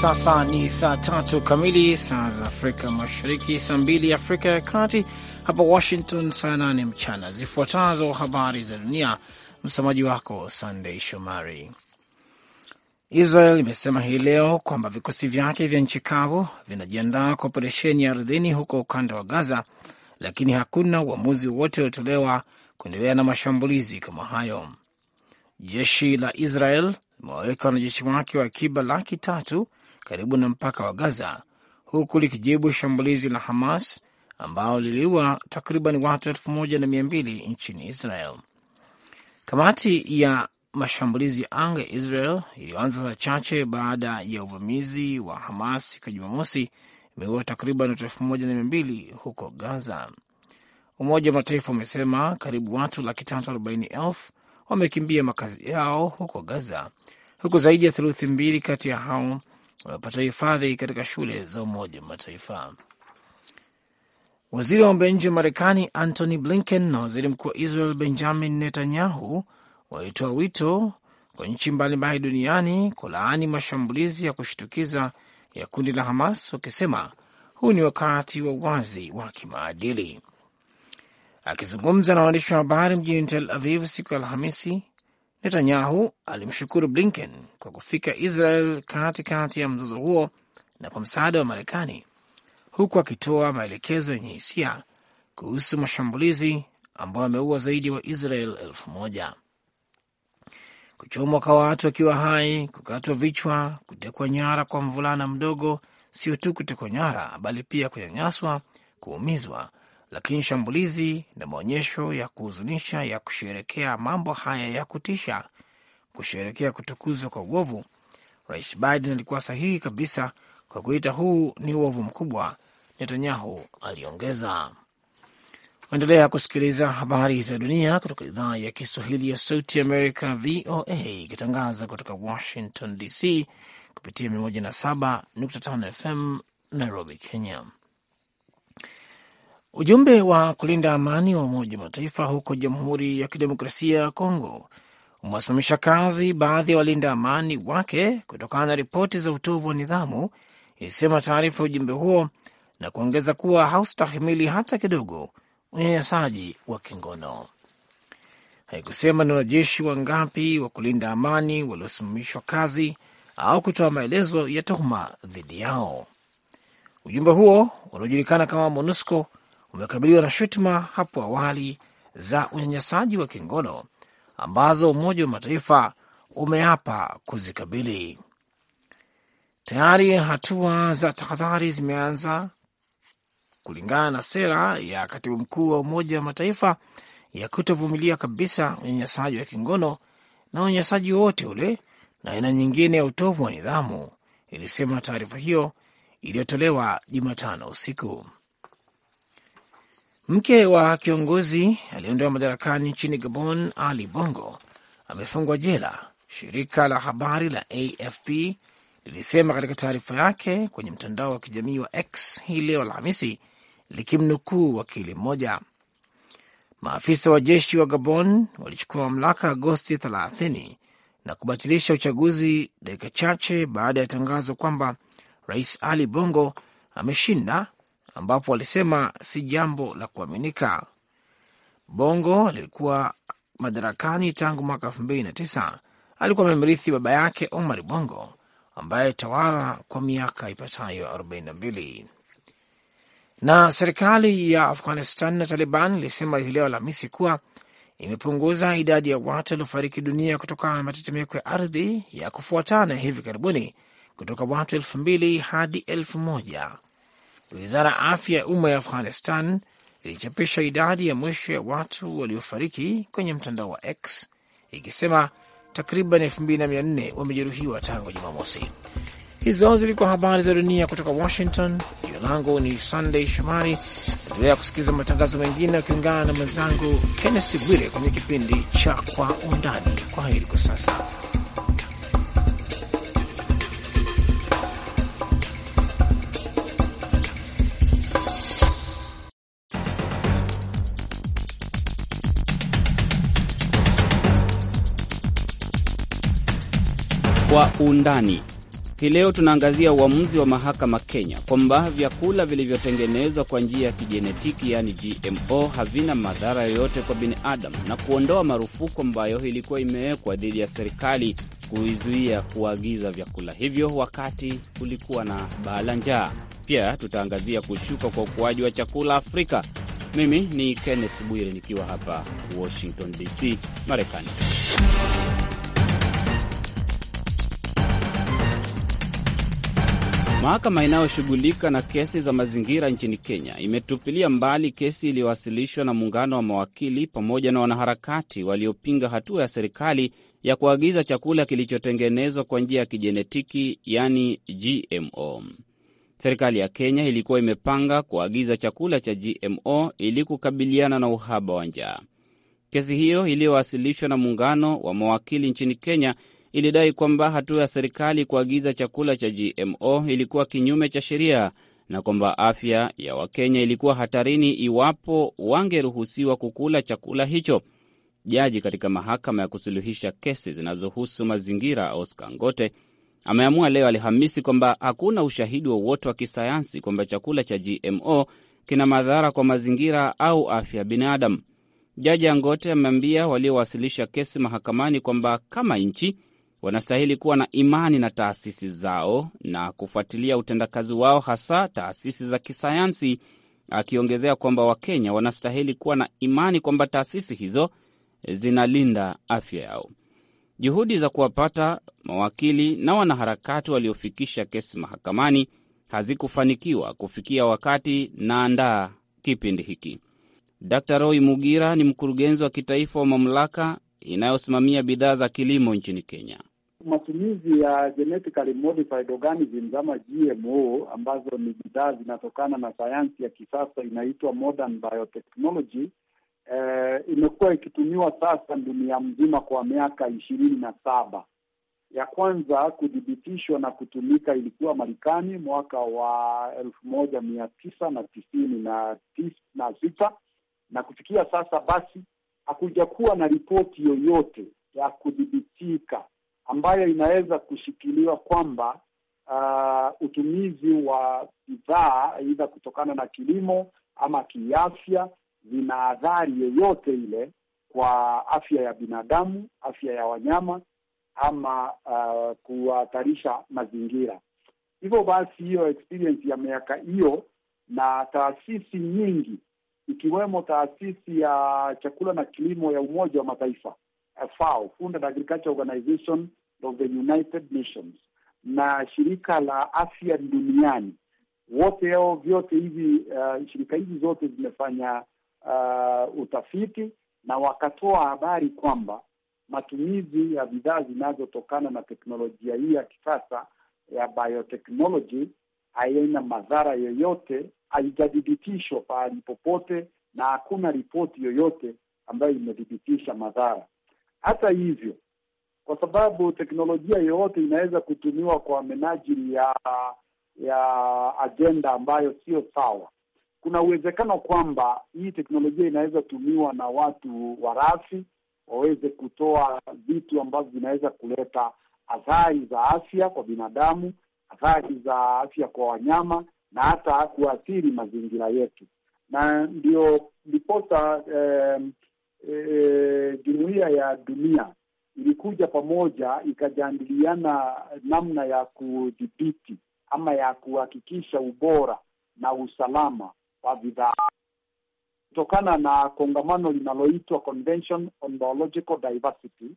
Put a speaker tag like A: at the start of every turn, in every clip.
A: sasa ni saa tatu kamili saa za Afrika Mashariki, saa mbili Afrika ya Kati, hapa Washington saa nane mchana. Zifuatazo habari za dunia, msomaji wako Sandei Shomari. Israel imesema hii leo kwamba vikosi vyake vya nchi kavu vinajiandaa kwa operesheni ya ardhini huko ukanda wa Gaza, lakini hakuna uamuzi wowote uliotolewa kuendelea na mashambulizi kama hayo. Jeshi la Israel limewaweka wanajeshi wake wa akiba laki tatu karibu na mpaka wa Gaza, huku likijibu shambulizi la Hamas ambao liliua takriban watu elfu moja na mia mbili nchini Israel. Kamati ya mashambulizi ya anga ya Israel iliyoanza saa chache baada ya uvamizi wa Hamas siku ya Jumamosi imeua takriban watu elfu moja na mia mbili huko Gaza. Umoja wa Mataifa umesema karibu watu laki tatu arobaini elfu wamekimbia makazi yao huko Gaza, huku zaidi ya theluthi mbili kati ya hao wapata hifadhi katika shule za Umoja wa Mataifa. Waziri wa mambo ya nje wa Marekani Antony Blinken na waziri mkuu wa Israel Benjamin Netanyahu walitoa wito kwa nchi mbalimbali duniani kulaani mashambulizi ya kushtukiza ya kundi la Hamas, wakisema huu ni wakati wa uwazi wa kimaadili. Akizungumza na waandishi wa habari mjini Tel Aviv siku ya Alhamisi, Netanyahu alimshukuru Blinken kwa kufika Israel katikati kati ya mzozo huo na kwa msaada wa Marekani, huku akitoa maelekezo yenye hisia kuhusu mashambulizi ambayo ameua zaidi wa Israel elfu moja. Kuchomwa kwa watu wakiwa hai, kukatwa vichwa, kutekwa nyara kwa mvulana mdogo, sio tu kutekwa nyara, bali pia kunyanyaswa, kuumizwa lakini shambulizi na maonyesho ya kuhuzunisha ya kusherekea mambo haya ya kutisha, kusherekea kutukuzwa kwa uovu, Rais Biden alikuwa sahihi kabisa kwa kuita huu ni uovu mkubwa, Netanyahu aliongeza. Endelea kusikiliza habari za dunia kutoka idhaa ya Kiswahili ya Sauti Amerika, VOA, ikitangaza kutoka Washington DC kupitia 107.5 FM Nairobi, Kenya. Ujumbe wa kulinda amani wa Umoja wa Mataifa huko Jamhuri ya Kidemokrasia ya Kongo umewasimamisha kazi baadhi ya walinda amani wake kutokana na ripoti za utovu wa nidhamu, ilisema taarifa ya ujumbe huo, na kuongeza kuwa haustahimili hata kidogo unyanyasaji wa kingono. Haikusema ni wanajeshi wangapi wa kulinda amani waliosimamishwa kazi au kutoa maelezo ya tuhuma dhidi yao. Ujumbe huo unaojulikana kama MONUSCO umekabiliwa na shutuma hapo awali za unyanyasaji wa kingono ambazo Umoja wa Mataifa umeapa kuzikabili. Tayari hatua za tahadhari zimeanza kulingana na sera ya katibu mkuu wa Umoja wa Mataifa ya kutovumilia kabisa unyanyasaji wa kingono na unyanyasaji wowote ule na aina nyingine ya utovu wa nidhamu, ilisema taarifa hiyo iliyotolewa Jumatano usiku. Mke wa kiongozi aliyeondoa madarakani nchini Gabon, Ali Bongo, amefungwa jela, shirika la habari la AFP lilisema katika taarifa yake kwenye mtandao wa kijamii wa X hii leo Alhamisi, likimnukuu wakili mmoja. Maafisa wa jeshi wa Gabon walichukua mamlaka Agosti 30 na kubatilisha uchaguzi dakika chache baada ya tangazo kwamba rais Ali Bongo ameshinda ambapo walisema si jambo la kuaminika. Bongo alikuwa madarakani tangu mwaka elfu mbili na tisa. Alikuwa amemrithi baba yake Omar Bongo ambaye tawala kwa miaka ipatayo 42. Na serikali ya Afghanistan na Taliban ilisema hii leo Alhamisi kuwa imepunguza idadi ya watu waliofariki dunia kutokana na matetemeko ya ardhi ya kufuatana hivi karibuni kutoka watu elfu mbili hadi elfu moja Wizara ya afya ya umma ya Afghanistan ilichapisha idadi ya mwisho ya watu waliofariki kwenye mtandao wa X ikisema takriban 2400 wamejeruhiwa tangu Jumamosi. Hizo zilikuwa habari za dunia kutoka Washington. Jina langu ni Sunday Shomari. Endelea kusikiliza matangazo mengine akiungana na mwenzangu kennesi Bwire kwenye kipindi cha Kwa Undani. Kwa heri kwa sasa.
B: Kwa Undani hii leo tunaangazia uamuzi wa mahakama Kenya kwamba vyakula vilivyotengenezwa kwa njia ya kijenetiki yaani GMO havina madhara yoyote kwa binadamu na kuondoa marufuku ambayo ilikuwa imewekwa dhidi ya serikali kuizuia kuagiza vyakula hivyo wakati kulikuwa na baa la njaa. Pia tutaangazia kushuka kwa ukuaji wa chakula Afrika. Mimi ni Kenneth Bwire nikiwa hapa Washington DC, Marekani. Mahakama inayoshughulika na kesi za mazingira nchini Kenya imetupilia mbali kesi iliyowasilishwa na muungano wa mawakili pamoja na wanaharakati waliopinga hatua ya serikali ya kuagiza chakula kilichotengenezwa kwa njia ya kijenetiki, yani GMO. Serikali ya Kenya ilikuwa imepanga kuagiza chakula cha GMO ili kukabiliana na uhaba wa njaa. Kesi hiyo iliyowasilishwa na muungano wa mawakili nchini Kenya ilidai kwamba hatua ya serikali kuagiza chakula cha GMO ilikuwa kinyume cha sheria na kwamba afya ya Wakenya ilikuwa hatarini iwapo wangeruhusiwa kukula chakula hicho. Jaji katika mahakama ya kusuluhisha kesi zinazohusu mazingira Oscar Ngote ameamua leo Alhamisi kwamba hakuna ushahidi wowote wa, wa kisayansi kwamba chakula cha GMO kina madhara kwa mazingira au afya ya binadamu. Jaji Angote ameambia waliowasilisha kesi mahakamani kwamba kama nchi wanastahili kuwa na imani na taasisi zao na kufuatilia utendakazi wao, hasa taasisi za kisayansi, akiongezea kwamba Wakenya wanastahili kuwa na imani kwamba taasisi hizo zinalinda afya yao. Juhudi za kuwapata mawakili na wanaharakati waliofikisha kesi mahakamani hazikufanikiwa kufikia wakati naandaa kipindi hiki. d Roy Mugira ni mkurugenzi wa kitaifa wa mamlaka inayosimamia bidhaa za kilimo nchini Kenya.
C: Matumizi ya genetically modified organisms ama GMO ambazo ni bidhaa zinatokana na sayansi ya kisasa inaitwa modern biotechnology eh, imekuwa ikitumiwa sasa dunia mzima kwa miaka ishirini na saba. Ya kwanza kudhibitishwa na kutumika ilikuwa Marekani mwaka wa elfu moja mia tisa na tisini na tisa na sita na kufikia sasa basi hakuja kuwa na ripoti yoyote ya kudhibitika ambayo inaweza kushikiliwa kwamba uh, utumizi wa bidhaa aidha kutokana na kilimo ama kiafya zina adhari yoyote ile kwa afya ya binadamu, afya ya wanyama ama uh, kuhatarisha mazingira. Hivyo basi hiyo experience ya miaka hiyo na taasisi nyingi ikiwemo taasisi ya chakula na kilimo ya Umoja wa Mataifa FAO, Food and Agriculture Organization of the United Nations na shirika la afya duniani, wote hao vyote hivi uh, shirika hizi zote zimefanya uh, utafiti na wakatoa habari kwamba matumizi ya bidhaa zinazotokana na teknolojia hii ya kisasa ya biotechnology haina madhara yoyote, haijadhibitishwa pahali popote, na hakuna ripoti yoyote ambayo imedhibitisha madhara. Hata hivyo, kwa sababu teknolojia yoyote inaweza kutumiwa kwa menajili ya ya ajenda ambayo sio sawa, kuna uwezekano kwamba hii teknolojia inaweza tumiwa na watu warafi waweze kutoa vitu ambavyo vinaweza kuleta athari za afya kwa binadamu, athari za afya kwa wanyama na hata kuathiri mazingira yetu, na ndio ndiposa eh, e, jumuiya ya dunia ilikuja pamoja ikajadiliana namna ya kudhibiti ama ya kuhakikisha ubora na usalama wa bidhaa kutokana na kongamano linaloitwa Convention on Biological Diversity,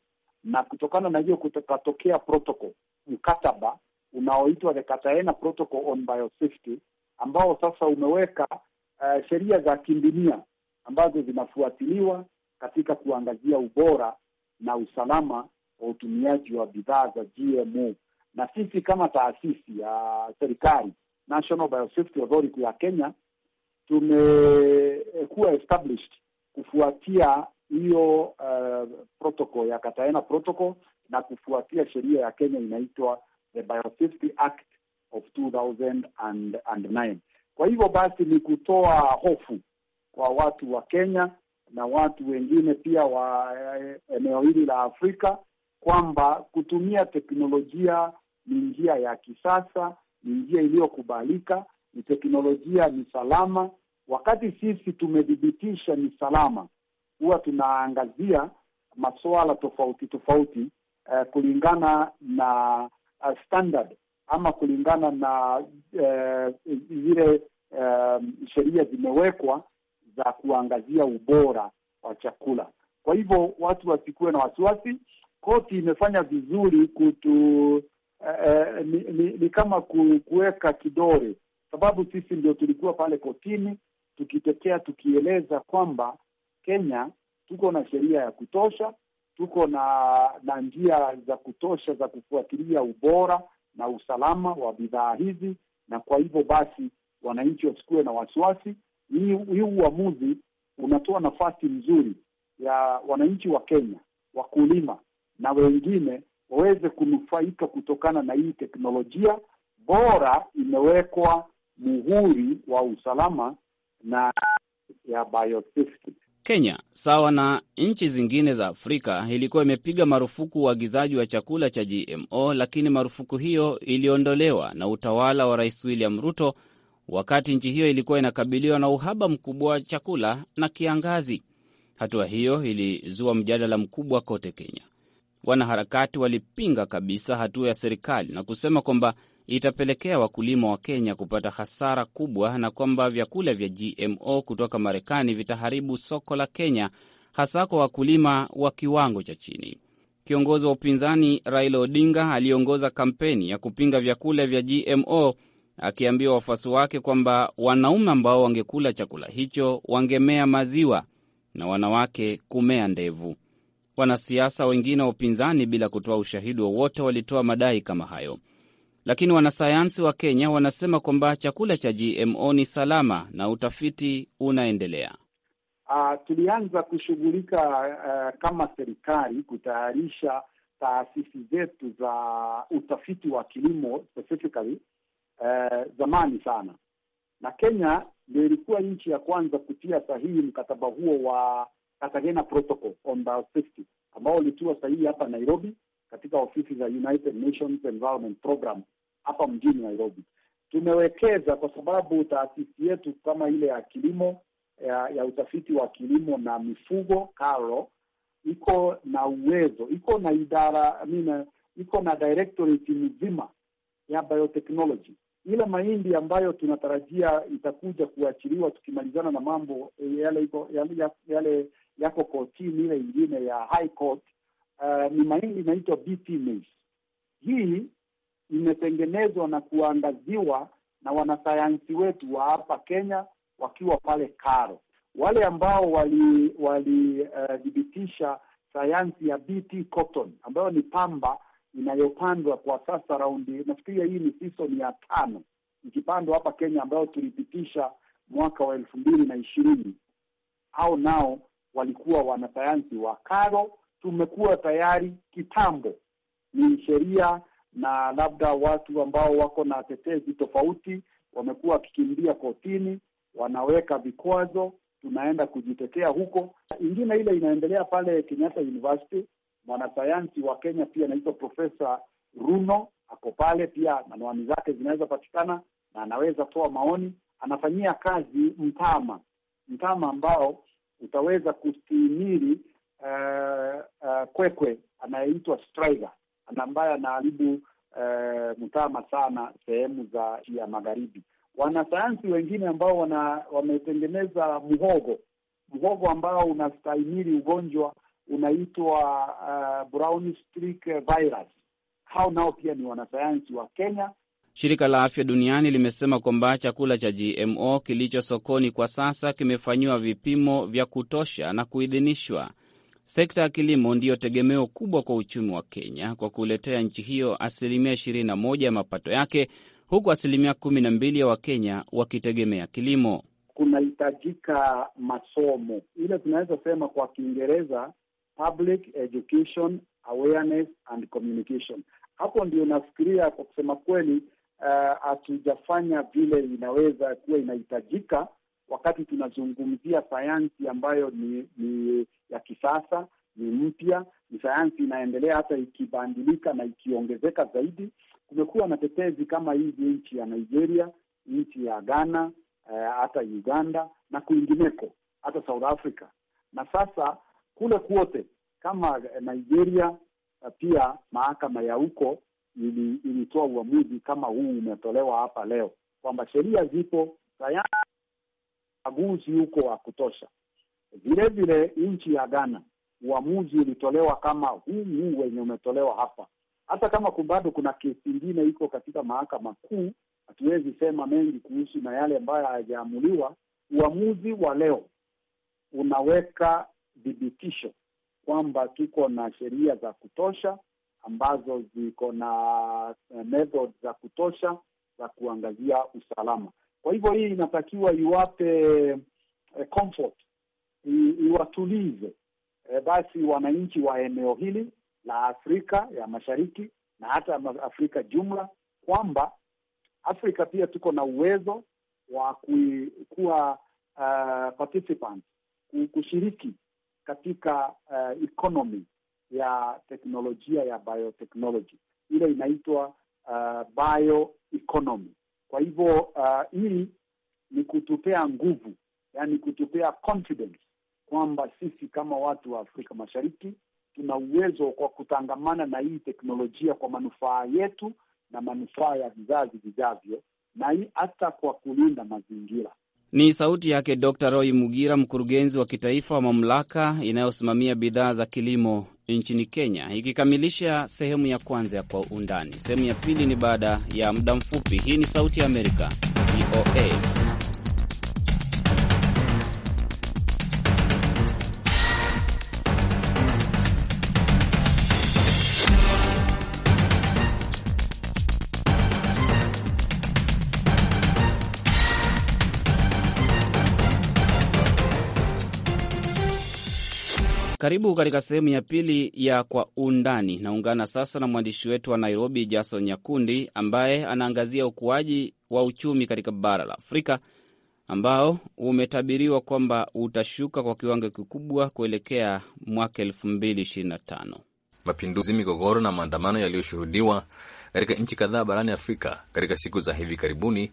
C: na kutokana na hiyo kutokatokea protocol, mkataba unaoitwa the Cartagena Protocol on Biosafety, ambao sasa umeweka uh, sheria za kidunia ambazo zinafuatiliwa katika kuangazia ubora na usalama wa utumiaji wa bidhaa za GMO. Na sisi kama taasisi ya serikali National Biosafety Authority ya Kenya tumekuwa established kufuatia hiyo uh, protocol ya Cartagena protocol na kufuatia sheria ya Kenya inaitwa the Biosafety Act of 2009. Kwa hivyo basi ni kutoa hofu kwa watu wa Kenya na watu wengine pia wa eh, eneo hili la Afrika kwamba kutumia teknolojia ni njia ya kisasa, ni njia iliyokubalika, ni teknolojia, ni salama. Wakati sisi tumethibitisha ni salama, huwa tunaangazia masuala tofauti tofauti eh, kulingana na uh, standard ama kulingana na eh, zile eh, sheria zimewekwa za kuangazia ubora wa chakula. Kwa hivyo watu wasikuwe na wasiwasi. Koti imefanya vizuri kutu eh, eh ni, ni, ni kama kuweka kidore, sababu sisi ndio tulikuwa pale kotini tukitetea tukieleza kwamba Kenya tuko na sheria ya kutosha, tuko na na njia za kutosha za kufuatilia ubora na usalama wa bidhaa hizi, na kwa hivyo basi wananchi wasikuwe na wasiwasi, hii uamuzi unatoa nafasi nzuri ya wananchi wa Kenya, wakulima na wengine waweze kunufaika kutokana na hii teknolojia bora imewekwa muhuri wa usalama na ya biosafety.
B: Kenya sawa na nchi zingine za Afrika ilikuwa imepiga marufuku uagizaji wa, wa chakula cha GMO, lakini marufuku hiyo iliondolewa na utawala wa Rais William Ruto wakati nchi hiyo ilikuwa inakabiliwa na uhaba mkubwa wa chakula na kiangazi. Hatua hiyo ilizua mjadala mkubwa kote Kenya. Wanaharakati walipinga kabisa hatua ya serikali na kusema kwamba itapelekea wakulima wa Kenya kupata hasara kubwa na kwamba vyakula vya GMO kutoka Marekani vitaharibu soko la Kenya, hasa kwa wakulima wa kiwango cha chini. Kiongozi wa upinzani Raila Odinga aliongoza kampeni ya kupinga vyakula vya GMO akiambia wafuasi wake kwamba wanaume ambao wangekula chakula hicho wangemea maziwa na wanawake kumea ndevu. Wanasiasa wengine wa upinzani, bila kutoa ushahidi wowote, walitoa madai kama hayo, lakini wanasayansi wa Kenya wanasema kwamba chakula cha GMO ni salama na utafiti unaendelea.
C: Uh, tulianza kushughulika uh, kama serikali kutayarisha taasisi zetu za utafiti wa kilimo specifically eh, zamani sana, na Kenya ndio ilikuwa nchi ya kwanza kutia sahihi mkataba huo wa Cartagena Protocol on the ambao ulitiwa sahihi hapa Nairobi katika ofisi za United Nations Environment Program hapa mjini Nairobi. Tumewekeza kwa sababu taasisi yetu kama ile ya kilimo ya, ya utafiti wa kilimo na mifugo KALRO iko na uwezo, iko na idara I mean, iko na directorate mzima ya biotechnology ila mahindi ambayo tunatarajia itakuja kuachiliwa tukimalizana na mambo eh, yale iko, yale, yale yako kotini ile ingine ya high court uh, ni mahindi inaitwa BT maize. Hii imetengenezwa na kuangaziwa na wanasayansi wetu wa hapa Kenya wakiwa pale Karo, wale ambao walidhibitisha wali, uh, sayansi ya BT cotton ambayo ni pamba inayopandwa kwa sasa raundi, nafikiria hii ni season ya tano ikipandwa hapa Kenya, ambayo tulipitisha mwaka wa elfu mbili na ishirini. Hao nao walikuwa wanasayansi wa karo, tumekuwa tayari kitambo. Ni sheria na labda watu ambao wako na tetezi tofauti wamekuwa wakikimbia kotini, wanaweka vikwazo, tunaenda kujitetea huko. Ingine ile inaendelea pale Kenyatta University mwanasayansi wa Kenya pia anaitwa Profesa Runo, ako pale pia, anwani zake zinaweza patikana na anaweza toa maoni. Anafanyia kazi mtama mtama ambao utaweza kustihimili uh, uh, kwekwe anayeitwa striga ambaye anaharibu uh, mtama sana sehemu za ya magharibi. Wanasayansi wengine ambao wana, wametengeneza mhogo mhogo ambao unastahimili ugonjwa unaitwa uh, brown streak virus. Hao nao pia ni wanasayansi wa Kenya.
B: Shirika la Afya Duniani limesema kwamba chakula cha GMO kilicho sokoni kwa sasa kimefanyiwa vipimo vya kutosha na kuidhinishwa. Sekta ya kilimo ndiyo tegemeo kubwa kwa uchumi wa Kenya kwa kuletea nchi hiyo asilimia 21 ya mapato yake, huku asilimia 12 ya Wakenya wakitegemea kilimo.
C: Kunahitajika masomo, ile tunaweza sema kwa Kiingereza public education awareness and communication. Hapo ndio nafikiria kwa kusema kweli eh, hatujafanya uh, vile inaweza kuwa inahitajika wakati tunazungumzia sayansi ambayo ni, ni ya kisasa, ni mpya, ni sayansi inaendelea hata ikibadilika na ikiongezeka zaidi. Kumekuwa na tetezi kama hizi nchi ya Nigeria, nchi ya Ghana, eh, hata Uganda na kwingineko, hata South Africa na sasa kule kuote kama Nigeria, pia mahakama ya huko ilitoa ili uamuzi kama huu umetolewa hapa leo kwamba sheria zipo tayari, uchaguzi huko wa kutosha. Vilevile nchi ya Ghana uamuzi ulitolewa kama huu huu wenye umetolewa hapa, hata kama bado kuna kesi ingine iko katika mahakama kuu. Hatuwezi sema mengi kuhusu na yale ambayo hayajaamuliwa. Uamuzi wa leo unaweka thibitisho kwamba tuko na sheria za kutosha ambazo ziko na eh, method za kutosha za kuangazia usalama. Kwa hivyo hii inatakiwa iwape eh, comfort iwatulize eh, basi wananchi wa eneo hili la Afrika ya Mashariki na hata Afrika jumla kwamba Afrika pia tuko na uwezo wa kuwa uh, eh, participant kushiriki katika uh, economy ya teknolojia ya biotechnology, ile inaitwa uh, eh, economy. Kwa hivyo uh, eh, hili ni kutupea nguvu, yani kutupea confidence kwamba sisi kama watu wa Afrika Mashariki tuna uwezo kwa kutangamana na hii teknolojia kwa manufaa yetu na manufaa ya vizazi vijavyo, na hii hata kwa kulinda mazingira.
B: Ni sauti yake Dr Roy Mugira, mkurugenzi wa kitaifa wa mamlaka inayosimamia bidhaa za kilimo nchini Kenya, ikikamilisha sehemu ya kwanza ya Kwa Undani. Sehemu ya pili ni baada ya muda mfupi. Hii ni Sauti ya Amerika, VOA. Karibu katika sehemu ya pili ya Kwa Undani. Naungana sasa na mwandishi wetu wa Nairobi, Jason Nyakundi, ambaye anaangazia ukuaji wa uchumi katika bara la Afrika ambao umetabiriwa kwamba
D: utashuka kwa kiwango kikubwa kuelekea mwaka tano. Mapinduzi, migogoro na maandamano yaliyoshuhudiwa katika nchi kadhaa barani Afrika katika siku za hivi karibuni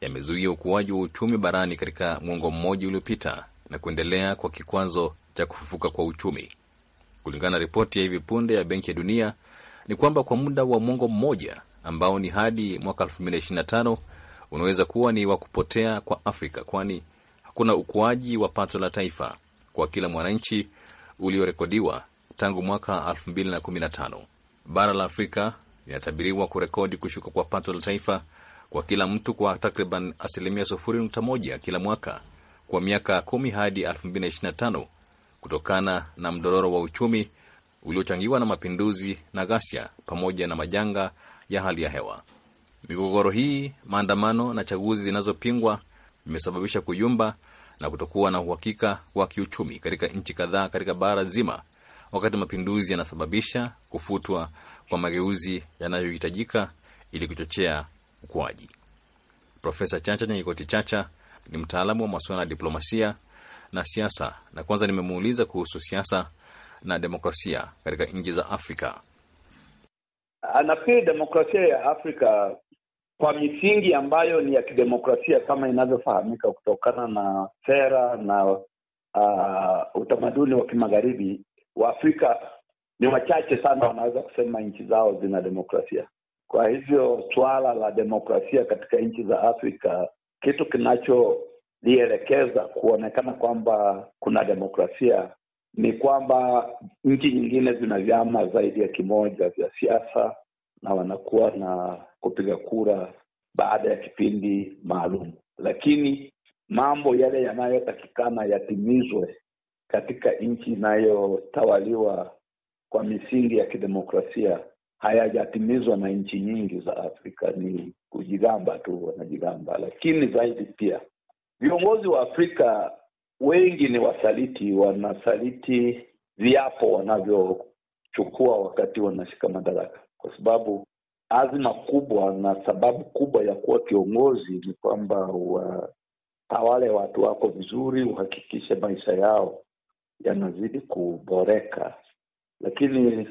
D: yamezuia ukuaji wa uchumi barani katika mwongo mmoja uliopita na kuendelea kwa kikwazo cha kufufuka kwa uchumi. Kulingana na ripoti ya hivi punde ya Benki ya Dunia ni kwamba kwa muda wa mwongo mmoja ambao ni hadi mwaka 2025 unaweza kuwa ni wa kupotea kwa Afrika, kwani hakuna ukuaji wa pato la taifa kwa kila mwananchi uliorekodiwa tangu mwaka 2015. Bara la Afrika linatabiriwa kurekodi kushuka kwa pato la taifa kwa kila mtu kwa takriban asilimia 0.1 kila mwaka kwa miaka kumi hadi kutokana na mdororo wa uchumi uliochangiwa na mapinduzi na ghasia pamoja na majanga ya hali ya hewa. Migogoro hii, maandamano na chaguzi zinazopingwa vimesababisha kuyumba na kutokuwa na uhakika wa kiuchumi katika nchi kadhaa katika bara zima, wakati mapinduzi yanasababisha kufutwa kwa mageuzi yanayohitajika ili kuchochea ukuaji. Profesa Chacha Nyaikoti Chacha ni mtaalamu wa masuala ya diplomasia na siasa, na kwanza nimemuuliza kuhusu siasa na demokrasia katika nchi za Afrika.
C: Anafikiri demokrasia ya Afrika kwa misingi ambayo ni ya kidemokrasia kama inavyofahamika kutokana na sera na uh, utamaduni wa kimagharibi, wa afrika ni wachache sana wanaweza kusema nchi zao zina demokrasia. Kwa hivyo suala la demokrasia katika nchi za Afrika, kitu kinacho lielekeza kuonekana kwamba kuna demokrasia ni kwamba nchi nyingine zina vyama zaidi ya kimoja vya siasa na wanakuwa na kupiga kura baada ya kipindi maalum, lakini mambo yale yanayotakikana yatimizwe katika nchi inayotawaliwa kwa misingi ya kidemokrasia hayajatimizwa na nchi nyingi za Afrika. Ni kujigamba tu, wanajigamba. Lakini zaidi pia Viongozi wa Afrika wengi ni wasaliti, wanasaliti viapo wanavyochukua wakati wanashika madaraka, kwa sababu azma kubwa na sababu kubwa ya kuwa kiongozi ni kwamba watawale watu wako vizuri, uhakikishe maisha yao yanazidi kuboreka. Lakini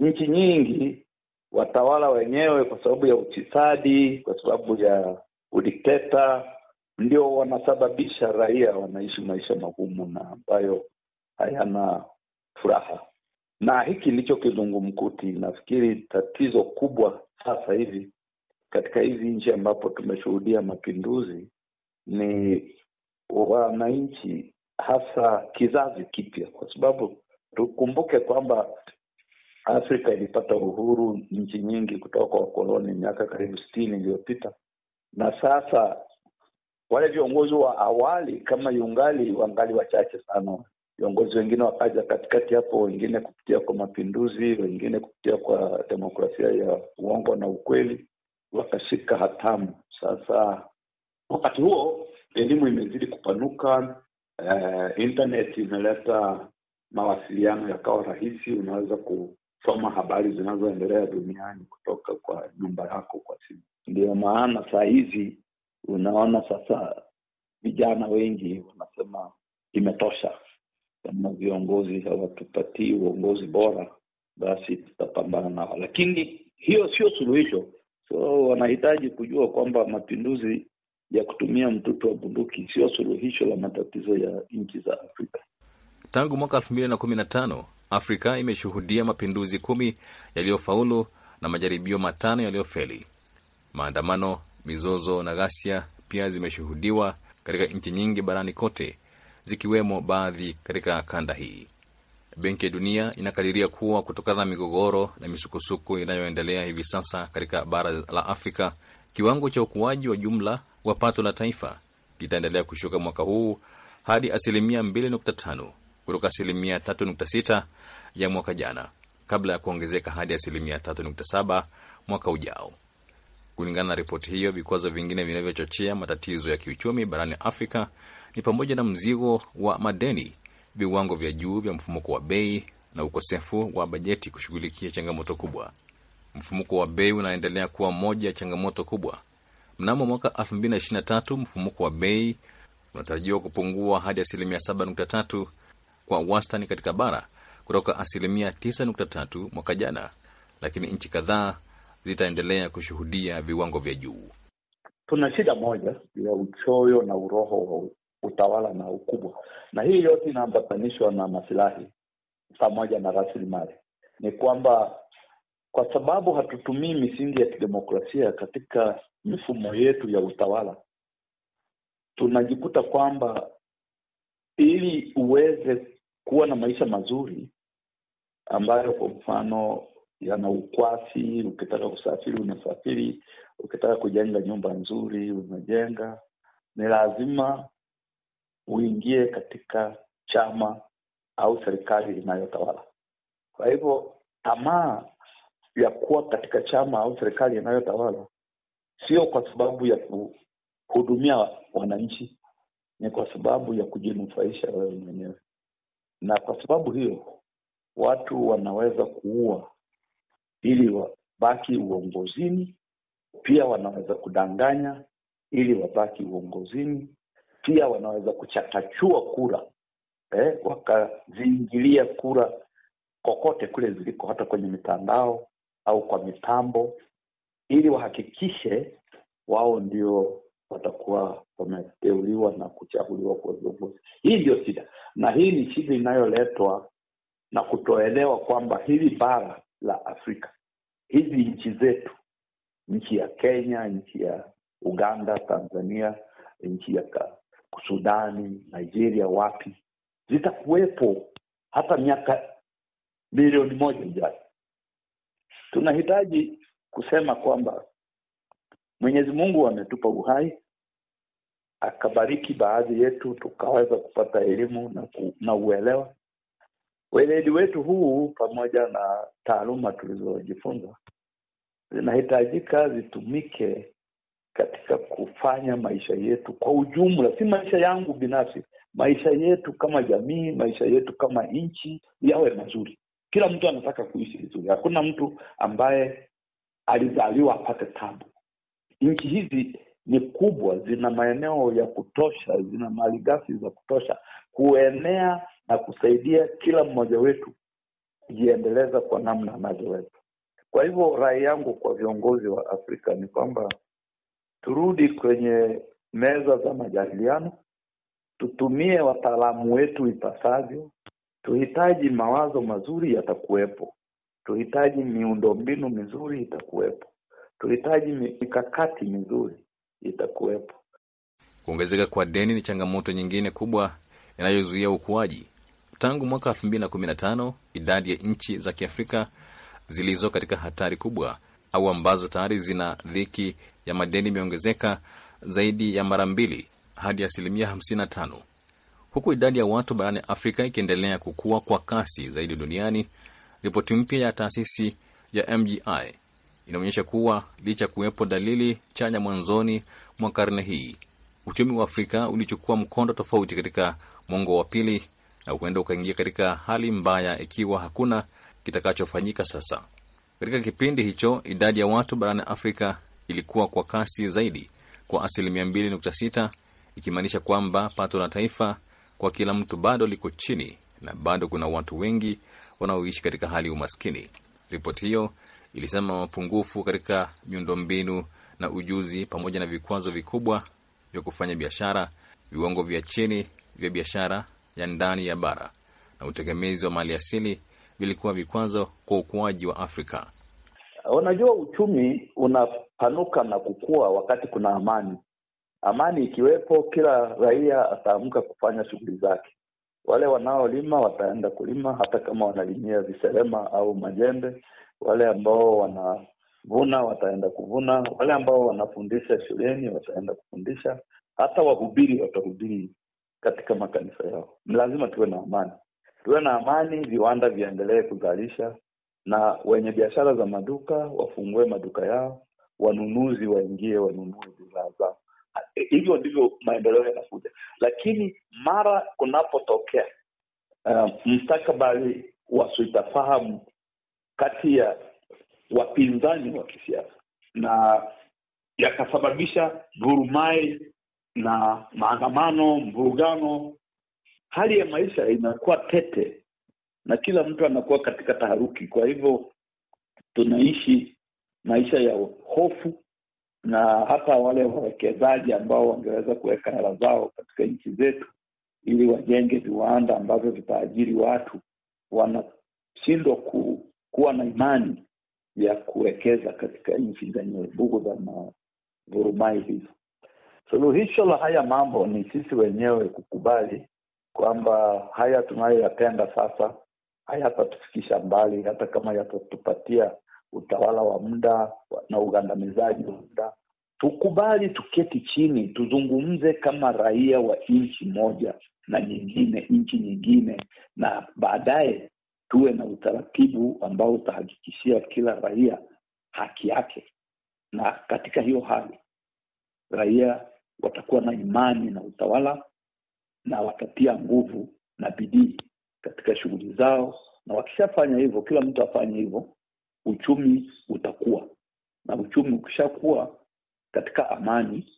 C: nchi nyingi watawala wenyewe, kwa sababu ya ufisadi, kwa sababu ya udikteta ndio wanasababisha raia wanaishi maisha magumu na ambayo hayana furaha. Na hiki ndicho kizungumkuti. Nafikiri tatizo kubwa sasa hivi katika hizi nchi ambapo tumeshuhudia mapinduzi ni wananchi, hasa kizazi kipya, kwa sababu tukumbuke kwamba Afrika ilipata uhuru nchi nyingi kutoka kwa wakoloni miaka karibu sitini iliyopita, na sasa wale viongozi wa awali kama yungali wangali wachache sana. Viongozi wengine wakaja katikati hapo, wengine kupitia kwa mapinduzi, wengine kupitia kwa demokrasia ya uongo na ukweli, wakashika hatamu. Sasa wakati huo elimu imezidi kupanuka, eh, internet imeleta mawasiliano yakawa rahisi. Unaweza kusoma habari zinazoendelea duniani kutoka kwa nyumba yako kwa simu. Ndiyo maana saa hizi Unaona sasa vijana wengi wanasema imetosha, kama viongozi hawatupatii uongozi bora, basi tutapambana nao, lakini hiyo sio suluhisho. So wanahitaji kujua kwamba mapinduzi ya kutumia mtutu wa bunduki sio suluhisho la matatizo ya
D: nchi za Afrika. Tangu mwaka elfu mbili na kumi na tano Afrika imeshuhudia mapinduzi kumi yaliyofaulu na majaribio matano yaliyofeli. Maandamano Mizozo na ghasia pia zimeshuhudiwa katika nchi nyingi barani kote, zikiwemo baadhi katika kanda hii. Benki ya Dunia inakadiria kuwa kutokana na migogoro na misukosuko inayoendelea hivi sasa katika bara la Afrika, kiwango cha ukuaji wa jumla wa pato la taifa kitaendelea kushuka mwaka huu hadi asilimia 2.5 kutoka asilimia 3.6 ya mwaka jana, kabla ya kuongezeka hadi asilimia 3.7 mwaka ujao. Kulingana na ripoti hiyo, vikwazo vingine vinavyochochea matatizo ya kiuchumi barani Afrika ni pamoja na mzigo wa madeni, viwango vya juu vya mfumuko wa bei na ukosefu wa bajeti kushughulikia changamoto kubwa. Mfumuko wa bei unaendelea kuwa moja ya changamoto kubwa. Mnamo mwaka 2023 mfumuko wa bei unatarajiwa kupungua hadi asilimia 7.3 kwa wastani katika bara kutoka asilimia 9.3 mwaka jana, lakini nchi kadhaa zitaendelea kushuhudia viwango vya juu.
C: Tuna shida moja ya uchoyo na uroho wa utawala na ukubwa, na hii yote inaambatanishwa na masilahi pamoja na rasilimali. Ni kwamba kwa sababu hatutumii misingi ya kidemokrasia katika mifumo yetu ya utawala, tunajikuta kwamba ili uweze kuwa na maisha mazuri ambayo kwa mfano yana ukwasi. Ukitaka kusafiri unasafiri, ukitaka kujenga nyumba nzuri unajenga. Ni lazima uingie katika chama au serikali inayotawala. Kwa hivyo tamaa ya kuwa katika chama au serikali inayotawala sio kwa sababu ya kuhudumia wananchi, ni kwa sababu ya kujinufaisha wewe mwenyewe, na kwa sababu hiyo watu wanaweza kuua ili wabaki uongozini. Pia wanaweza kudanganya ili wabaki uongozini. Pia wanaweza kuchakachua kura eh, wakaziingilia kura kokote kule ziliko, hata kwenye mitandao au kwa mitambo, ili wahakikishe wao ndio watakuwa wameteuliwa na kuchaguliwa kwa viongozi. Hii ndio shida, na hii ni shida inayoletwa na kutoelewa kwamba hili bara la Afrika. Hizi nchi zetu, nchi ya Kenya, nchi ya Uganda, Tanzania, nchi ya Sudani, Nigeria, wapi zitakuwepo hata miaka bilioni moja ijayo. Tunahitaji kusema kwamba Mwenyezi Mungu ametupa uhai akabariki baadhi yetu tukaweza kupata elimu na, ku, na uelewa Weledi wetu huu pamoja na taaluma tulizojifunza zinahitajika zitumike katika kufanya maisha yetu kwa ujumla, si maisha yangu binafsi, maisha yetu kama jamii, maisha yetu kama nchi yawe mazuri. Kila mtu anataka kuishi vizuri, hakuna mtu ambaye alizaliwa apate tabu. Nchi hizi ni kubwa, zina maeneo ya kutosha, zina malighafi za kutosha kuenea na kusaidia kila mmoja wetu kujiendeleza kwa namna anavyoweza. Kwa hivyo rai yangu kwa viongozi wa Afrika ni kwamba turudi kwenye meza za majadiliano, tutumie wataalamu wetu ipasavyo. Tuhitaji mawazo mazuri, yatakuwepo. Tuhitaji miundombinu mizuri, itakuwepo. Tuhitaji mikakati mizuri,
D: itakuwepo. Kuongezeka kwa deni ni changamoto nyingine kubwa inayozuia ukuaji. Tangu mwaka 2015 idadi ya nchi za Kiafrika zilizo katika hatari kubwa au ambazo tayari zina dhiki ya madeni imeongezeka zaidi ya mara mbili hadi asilimia 55, huku idadi ya watu barani Afrika ikiendelea kukua kwa kasi zaidi duniani. Ripoti mpya ya taasisi ya MGI inaonyesha kuwa licha ya kuwepo dalili chanya mwanzoni mwa karne hii, uchumi wa Afrika ulichukua mkondo tofauti katika mwongo wa pili na huenda ukaingia katika hali mbaya ikiwa hakuna kitakachofanyika sasa. Katika kipindi hicho idadi ya watu barani Afrika ilikuwa kwa kasi zaidi kwa asilimia 2.6, ikimaanisha kwamba pato la taifa kwa kila mtu bado liko chini na bado kuna watu wengi wanaoishi katika hali ya umaskini. Ripoti hiyo ilisema mapungufu katika miundombinu na ujuzi pamoja na vikwazo vikubwa vya kufanya biashara, viwango vya chini vya biashara ya ndani ya bara na utegemezi wa mali asili vilikuwa vikwazo kwa ukuaji wa Afrika.
C: Unajua, uchumi unapanuka na kukua wakati kuna amani. Amani ikiwepo, kila raia ataamka kufanya shughuli zake. Wale wanaolima wataenda kulima, hata kama wanalimia viserema au majembe. Wale ambao wanavuna wataenda kuvuna. Wale ambao wanafundisha shuleni wataenda kufundisha. Hata wahubiri watahubiri katika makanisa yao. Ni lazima tuwe na amani, tuwe na amani, viwanda viendelee kuzalisha na wenye biashara za maduka wafungue maduka yao, wanunuzi waingie wanunue bidhaa zao. Hivyo ndivyo maendeleo yanakuja, lakini mara kunapotokea um, mstakabali wa sitofahamu kati ya wapinzani wa kisiasa na yakasababisha vurumai na maandamano, mvurugano, hali ya maisha inakuwa tete na kila mtu anakuwa katika taharuki. Kwa hivyo tunaishi maisha ya hofu, na hata wale wawekezaji ambao wangeweza kuweka hela zao katika nchi zetu ili wajenge viwanda ambavyo vitaajiri watu wanashindwa ku, kuwa na imani ya kuwekeza katika nchi zenye bugu za mavurumai hizo. Suluhisho la haya mambo ni sisi wenyewe kukubali kwamba haya tunayoyatenda sasa hayatatufikisha mbali, hata kama yatatupatia utawala wa muda na ugandamizaji wa muda. Tukubali, tuketi chini, tuzungumze kama raia wa nchi moja na nyingine, nchi nyingine, na baadaye tuwe na utaratibu ambao utahakikishia kila raia haki yake, na katika hiyo hali raia watakuwa na imani na utawala na watatia nguvu na bidii katika shughuli zao, na wakishafanya hivyo, kila mtu afanye hivyo, uchumi utakuwa na uchumi ukishakuwa katika amani,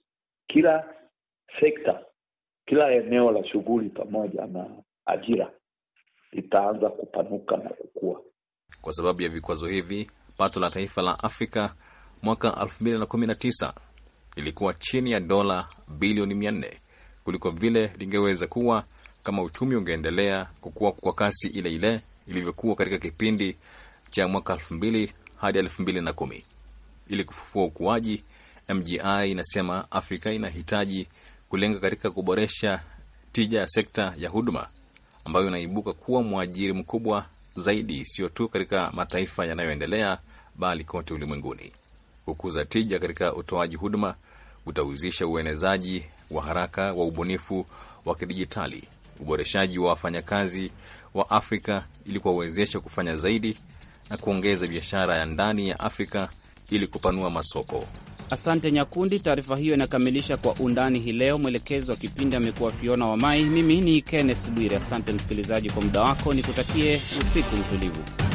C: kila sekta, kila eneo la shughuli pamoja na ajira litaanza kupanuka na kukua.
D: Kwa sababu ya vikwazo hivi, pato la taifa la Afrika mwaka 2019 lilikuwa chini ya dola bilioni mia nne kuliko vile lingeweza kuwa kama uchumi ungeendelea kukua kwa kasi ile ile ilivyokuwa katika kipindi cha mwaka elfu mbili hadi elfu mbili na kumi. Ili kufufua ukuaji, MGI inasema Afrika inahitaji kulenga katika kuboresha tija ya sekta ya huduma ambayo inaibuka kuwa mwajiri mkubwa zaidi, sio tu katika mataifa yanayoendelea bali kote ulimwenguni kukuza tija katika utoaji huduma, utawezesha uenezaji wa haraka wa ubunifu wa kidijitali, uboreshaji wa wafanyakazi wa Afrika ili kuwawezesha kufanya zaidi na kuongeza biashara ya ndani ya Afrika ili kupanua masoko. Asante Nyakundi, taarifa
B: hiyo inakamilisha kwa undani hii leo. Mwelekezi wa kipindi amekuwa Fiona wa Mai. Mimi ni Kenneth Bwire. Asante msikilizaji kwa muda wako, nikutakie usiku mtulivu.